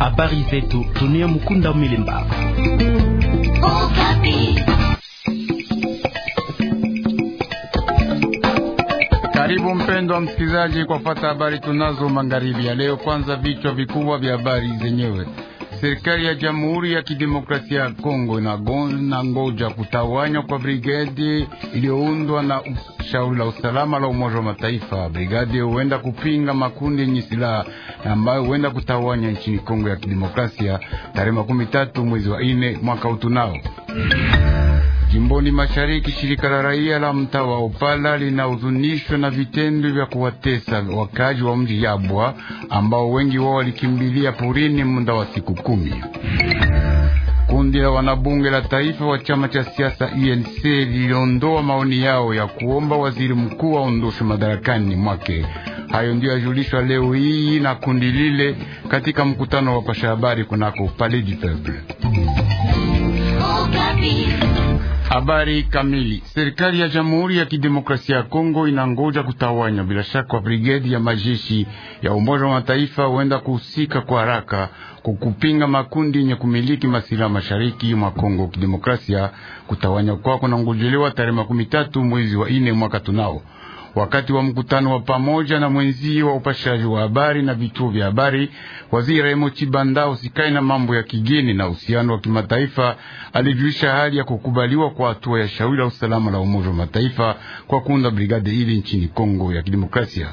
Habari zetu dunia, Mukunda Milimba. Karibu mpendo wa msikilizaji kwa fata habari tunazo magharibi ya leo. Kwanza vichwa vikubwa vya habari zenyewe. Serikali ya Jamhuri ya Kidemokrasia ya Kongo na ngoja kutawanywa kwa brigade iliyoundwa na shauri la usalama la Umoja wa Mataifa. brigade huenda kupinga makundi yenye silaha ambayo huenda kutawanya nchini Kongo ya Kidemokrasia tarehe makumi tatu mwezi wa ine mwaka utunao. Jimboni mashariki, shirika la raia la mtaa wa Opala linahuzunishwa na vitendo vya kuwatesa wakaji wa mji Yabwa ambao wengi wao walikimbilia porini muda wa siku kumi. Kundi la wanabunge la taifa wa chama cha siasa UNC e liliondoa maoni yao ya kuomba waziri mkuu aondoshwe madarakani mwake. Hayo ndiyo yajulishwa leo hii na kundi lile katika mkutano wa pasha habari kunako Palais du Peuple. Oh, Habari kamili. Serikali ya Jamhuri ya Kidemokrasia ya Kongo inangoja kutawanya bila shaka wa brigedi ya majeshi ya Umoja wa Mataifa huenda kuhusika kwa haraka kukupinga makundi yenye kumiliki masilaha mashariki mwa Kongo Kidemokrasia. Kutawanya kwako na ngojelewa tarehe makumi tatu mwezi wa ine mwaka tunao Wakati wa mkutano wa pamoja na mwenzi wa upashaji wa habari na vituo vya habari, waziri Raymond Chibanda usikae na mambo ya kigeni na uhusiano wa kimataifa alijulisha hali ya kukubaliwa kwa hatua ya shauri la usalama la Umoja wa Mataifa kwa kuunda brigade hili nchini Kongo ya Kidemokrasia.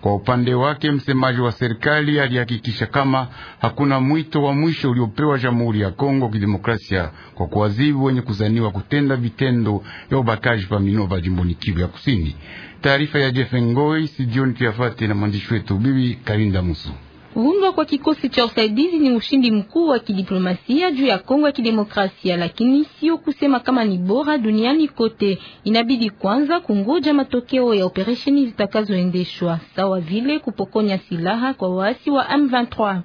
Kwa upande wake, msemaji wa serikali alihakikisha kama hakuna mwito wa mwisho uliopewa Jamhuri ya Kongo Kidemokrasia kwa kuwazibu wenye kuzaniwa kutenda vitendo vya ubakaji pa Minova jimboni Kivu ya Kusini. Taarifa ya Jeff Ngoi Sidioni tuyafate na mwandishi wetu bibi Karinda Musu. Kuundwa kwa kikosi cha usaidizi ni ushindi mkuu wa kidiplomasia juu ya Kongo ya Kidemokrasia, lakini sio kusema kama ni bora duniani kote. Inabidi kwanza kungoja matokeo ya operesheni zitakazoendeshwa, sawa vile kupokonya silaha kwa waasi wa M23.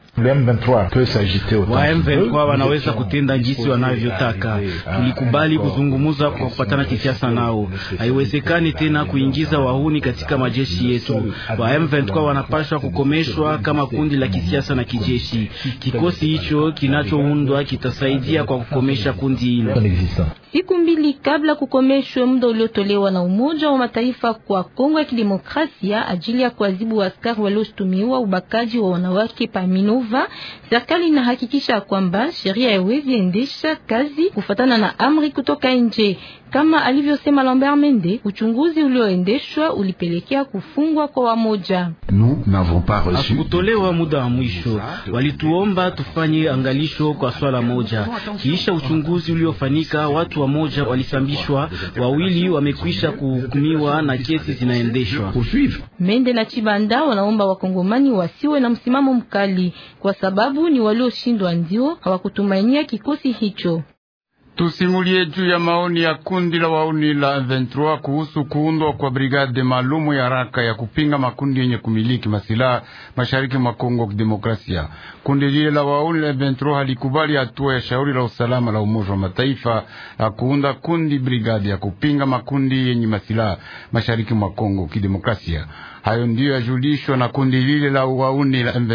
Wa M23 wanaweza kutenda jinsi wanavyotaka. Tulikubali kuzungumza kwa kupatana kisiasa nao. Haiwezekani tena kuingiza wahuni katika majeshi yetu. Wa M23 wanapaswa kukomeshwa kama kundi kundi la kisiasa na kijeshi. Kikosi hicho kinachoundwa kitasaidia kwa kukomesha kundi hilo siku mbili kabla kukomeshwa muda uliotolewa na Umoja wa Mataifa kwa Kongo ya Kidemokrasia ajili ya kuadhibu askari walioshtumiwa ubakaji wa wanawake pa Minova. Serikali inahakikisha kwamba sheria haiwezi endesha kazi kufatana na amri kutoka nje. Kama alivyosema Lambert Mende, uchunguzi ulioendeshwa ulipelekea kufungwa kwa wamoja. Hakutolewa muda wa mwisho, walituomba tufanye angalisho kwa swala moja. kisha uchunguzi uliofanyika watu wamoja walisambishwa, wawili wamekwisha kuhukumiwa na kesi zinaendeshwa. Mende na Chibanda wanaomba wakongomani wasiwe na msimamo mkali, kwa sababu ni walioshindwa ndio hawakutumainia kikosi hicho. Tusimulie juu ya maoni ya kundi la wauni la 23 kuhusu kuundwa kwa brigade maalumu ya haraka ya kupinga makundi yenye kumiliki masilaha mashariki mwa Kongo Kidemokrasia. Kundi lile la wauni la 23 halikubali hatua ya shauri la usalama la Umoja wa Mataifa ya kuunda kundi brigade ya kupinga makundi yenye masilaha mashariki mwa Kongo Kidemokrasia. Hayo ndiyo yajulishwa na kundi lile la wauni la m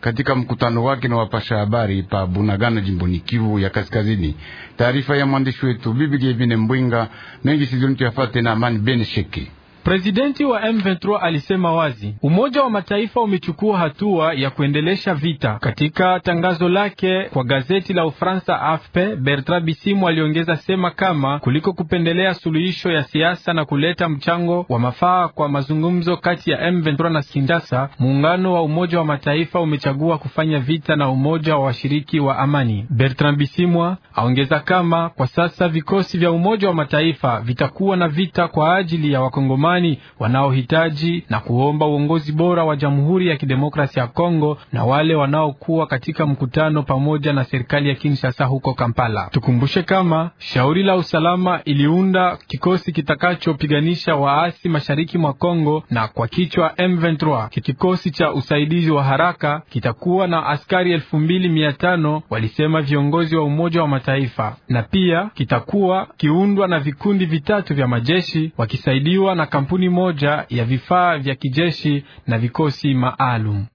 katika mkutano wake na wapasha habari pa Bunagana jimboni Kivu ya Kaskazini. Taarifa ya mwandishi wetu Bibi Gevine Mbwinga mengi sizoni tuyafate na Amani Benesheke. Prezidenti wa M23 alisema wazi, Umoja wa Mataifa umechukua hatua ya kuendelesha vita. Katika tangazo lake kwa gazeti la Ufaransa AFP, Bertrand Bisimwa aliongeza sema kama kuliko kupendelea suluhisho ya siasa na kuleta mchango wa mafaa kwa mazungumzo kati ya M23 na Kinshasa, muungano wa Umoja wa Mataifa umechagua kufanya vita na umoja wa washiriki wa amani. Bertrand Bisimwa aongeza kama kwa sasa vikosi vya Umoja wa Mataifa vitakuwa na vita kwa ajili ya wakongomani amani wanaohitaji na kuomba uongozi bora wa Jamhuri ya Kidemokrasia ya Kongo na wale wanaokuwa katika mkutano pamoja na serikali ya Kinshasa huko Kampala. Tukumbushe kama shauri la usalama iliunda kikosi kitakachopiganisha waasi mashariki mwa Kongo na kwa kichwa M23. Kikosi cha usaidizi wa haraka kitakuwa na askari 2500 walisema viongozi wa Umoja wa Mataifa, na pia kitakuwa kiundwa na vikundi vitatu vya majeshi wakisaidiwa na kampuni moja ya vifaa vya kijeshi na vikosi maalum.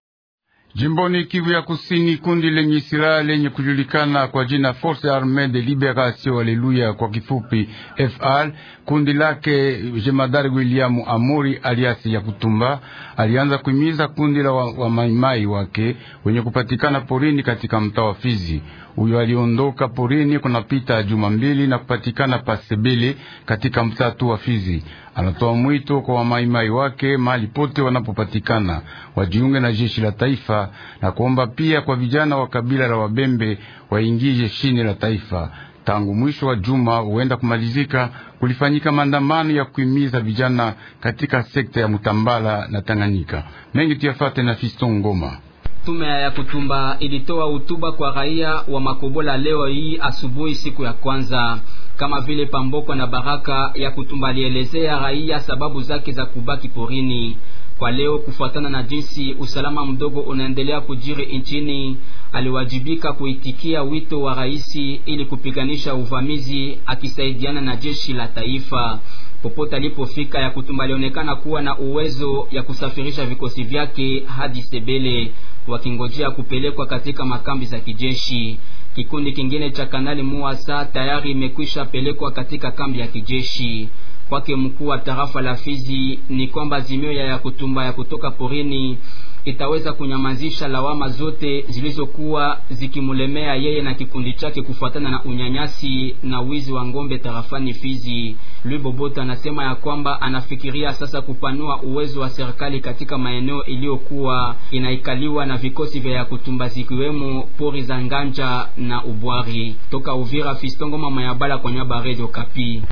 Jimboni Kivu ya Kusini, kundi lenye silaha lenye kujulikana kwa jina Force Armee de Liberation Aleluya, kwa kifupi FR, kundi lake jemadari William Amuri aliasi ya Kutumba alianza kuimiza kundi la wamaimai wa wake wenye kupatikana porini katika mtaa wa Fizi. Huyo aliondoka porini kunapita juma mbili na kupatikana pasebele katika mtatu wa Fizi. Anatoa mwito kwa wamaimai wake mahali pote wanapopatikana wajiunge na jeshi la taifa na kuomba pia kwa vijana wa kabila la Wabembe waingie jeshini la taifa. Tangu mwisho wa juma huenda kumalizika kulifanyika maandamano ya kuhimiza vijana katika sekta ya Mutambala na Tanganyika. Mengi tuyafate na Fiston Ngoma. Tume ya Kutumba ilitoa hotuba kwa raia wa Makobola leo hii asubuhi, siku ya kwanza kama vile Pamboko na Baraka ya kutumbalielezea raia sababu zake za kubaki porini kwa leo. Kufuatana na jinsi usalama mdogo unaendelea kujiri nchini, aliwajibika kuitikia wito wa rais ili kupiganisha uvamizi akisaidiana na jeshi la taifa. Popote alipofika, ya Kutumba alionekana kuwa na uwezo ya kusafirisha vikosi vyake hadi Sebele, wakingojea kupelekwa katika makambi za kijeshi. Kikundi kingine cha Kanali Muasa tayari imekwisha pelekwa katika kambi ya kijeshi. Kwake mkuu wa tarafa la Fizi ni kwamba zimio ya ya kutumba ya kutoka porini itaweza kunyamazisha lawama zote zilizokuwa zikimulemea yeye na kikundi chake kufuatana na unyanyasi na wizi wa ngombe tarafani Fizi. bobota anasema ya kwamba anafikiria sasa kupanua uwezo wa serikali katika maeneo iliyokuwa inaikaliwa na vikosi vya Yakutumba zikiwemo pori za Nganja na Ubwari. Toka Uvira, Fistongo mama ya bala kwa nyaba Radio Kapi.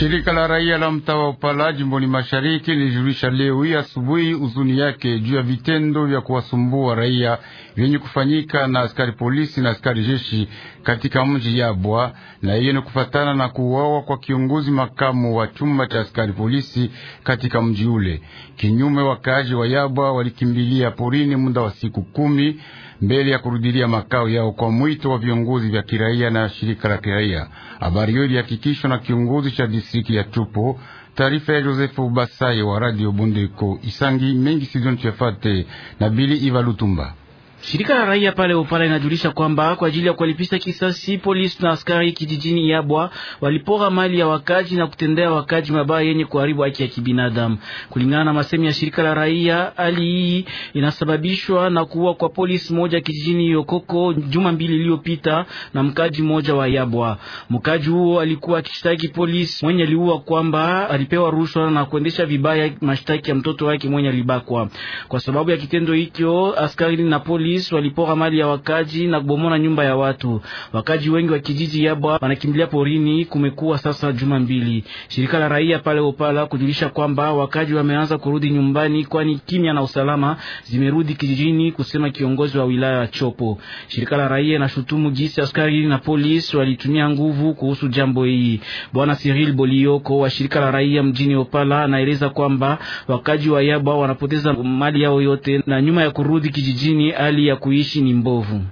Shirika la raia la mtaa wa Upala jimboni mashariki lilijulisha leo hii asubuhi huzuni yake juu ya vitendo vya kuwasumbua raia yenye kufanyika na askari polisi na askari jeshi katika mji Yabwa, na hiyo ni kufatana na kuuawa kwa kiongozi makamu wa chumba cha askari polisi katika mji ule. Kinyume, wakaaji wa Yabwa walikimbilia porini muda wa siku kumi mbele ya kurudilia makao yao kwa mwito wa viongozi vya kiraia na shirika la kiraia. Habari hiyo ilihakikishwa na kiongozi cha distriki ya Chupo. Taarifa ya Joseph Basai wa Radio Bondeko Isangi mengi sidoni tuyafate na Bili Iva Lutumba. Shirika la raia pale Upala inajulisha kwamba kwa ajili ya kuwalipisha kisasi, polisi na askari kijijini Yabwa walipora mali ya wakaji na kutendea wakaji mabaya yenye kuharibu haki ya kibinadamu. Kulingana na masemi ya shirika la raia, hali hii inasababishwa na kuua kwa polisi moja kijijini Yokoko juma mbili iliyopita na mkaji mmoja wa Yabwa. Mkaji huo alikuwa akishtaki polisi mwenye aliua kwamba alipewa rushwa na kuendesha vibaya mashtaki ya mtoto wake mwenye alibakwa. Kwa sababu ya kitendo hicho, askari na polisi polisi walipora mali ya wakaji na kubomona nyumba ya watu. Wakaji wengi wa kijiji Yabwa wanakimbilia porini, kumekuwa sasa juma mbili. Shirika la raia pale Opala kujulisha kwamba wakaji wameanza kurudi nyumbani, kwani kimya na usalama zimerudi kijijini, kusema kiongozi wa wilaya ya Chopo. Shirika la raia inashutumu jinsi askari na polisi walitumia nguvu kuhusu jambo hili. Bwana Cyril Bolioko wa shirika la raia mjini Opala anaeleza kwamba wakaji wa Yabwa wanapoteza mali yao yote na nyuma ya kurudi kijijini ali hali ya kuishi ni mbovu.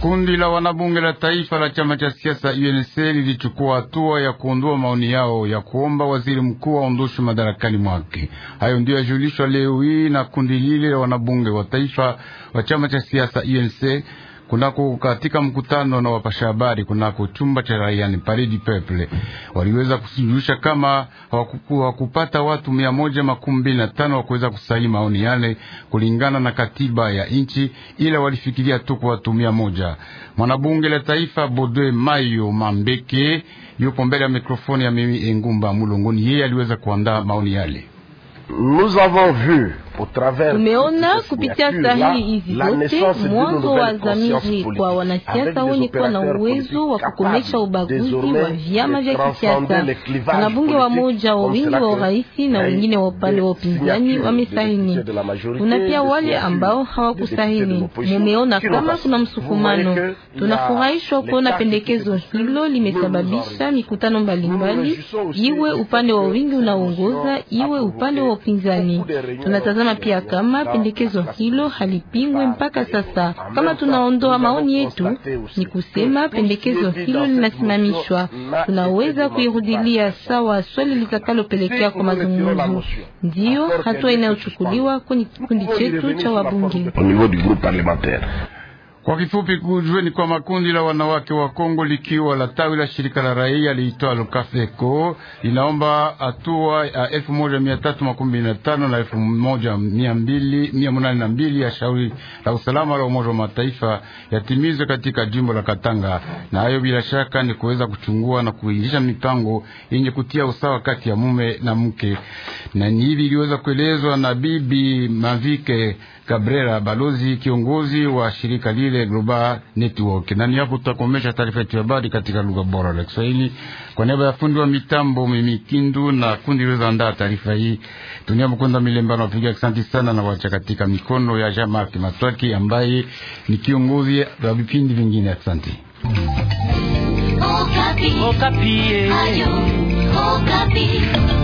Kundi la wanabunge la taifa la chama cha siasa UNC lilichukua hatua ya kuondoa maoni yao ya kuomba waziri mkuu aondoshwe madarakani mwake. Hayo ndiyo yajulishwa leo hii na kundi lile la wanabunge wa taifa wa chama cha siasa UNC kunako katika mkutano na wapasha habari kunako chumba cha raia ni Paris du Peuple, waliweza kusujulisha kama hawakupata watu mia moja makumi mbili na tano wakuweza kusaini maoni yale kulingana na katiba ya nchi, ila walifikiria tu kwa watu mia moja. Mwanabunge la taifa Bodwe Mayo Mambeke yupo mbele ya mikrofoni ya mimi Engumba Mulongoni, yeye aliweza kuandaa maoni yale. Nous avons vu Tumeona kupitia sahihi hizi zote mwanzo wa dhamiri kwa wanasiasa wenye kuwa na uwezo wa kukomesha ubaguzi wa vyama vya kisiasa. Wanabunge wa moja wawili wa uraisi na wengine wa upande wa upinzani wamesahini. Kuna pia wale ambao hawakusahini. Mumeona kama kuna msukumano. Tunafurahishwa kuona pendekezo hilo limesababisha mikutano mbalimbali, iwe upande wa wingi unaongoza, iwe upande wa upinzani. Tunatazama Tunasema pia kama pendekezo hilo halipingwe mpaka sasa, kama tunaondoa maoni yetu, ni kusema pendekezo hilo linasimamishwa. Tunaweza kuirudilia sawa swali litakalopelekea kwa mazungumzo. Ndiyo hatua inayochukuliwa kwenye kikundi chetu cha wabunge. Kwa kifupi, ni kwa makundi la wanawake wa Kongo likiwa la tawi la shirika la raia liitwa lukafeko linaomba hatua ya elfu na mbili ya shauri la usalama la Umoja wa Mataifa yatimizwe katika jimbo la Katanga, na hayo bila shaka ni kuweza kuchungua na kuingisha mipango yenye kutia usawa kati ya mume na mke, na ni hivi iliweza kuelezwa na bibi Mavike Cabrera, balozi kiongozi wa shirika lile Global Network. Na niapo tutakomesha taarifa yetu ya habari katika lugha bora la Kiswahili. Kwa niaba ya fundi wa mitambo Mimi Kindu na kundi lililoandaa taarifa hii, tuniapo kwenda na wapiga asante sana na wacha katika mikono ya Jean-Marc Matwaki ambaye ni kiongozi wa vipindi vingine. Asante. Okapi. Okapi. Eh. Ayo. Okapi.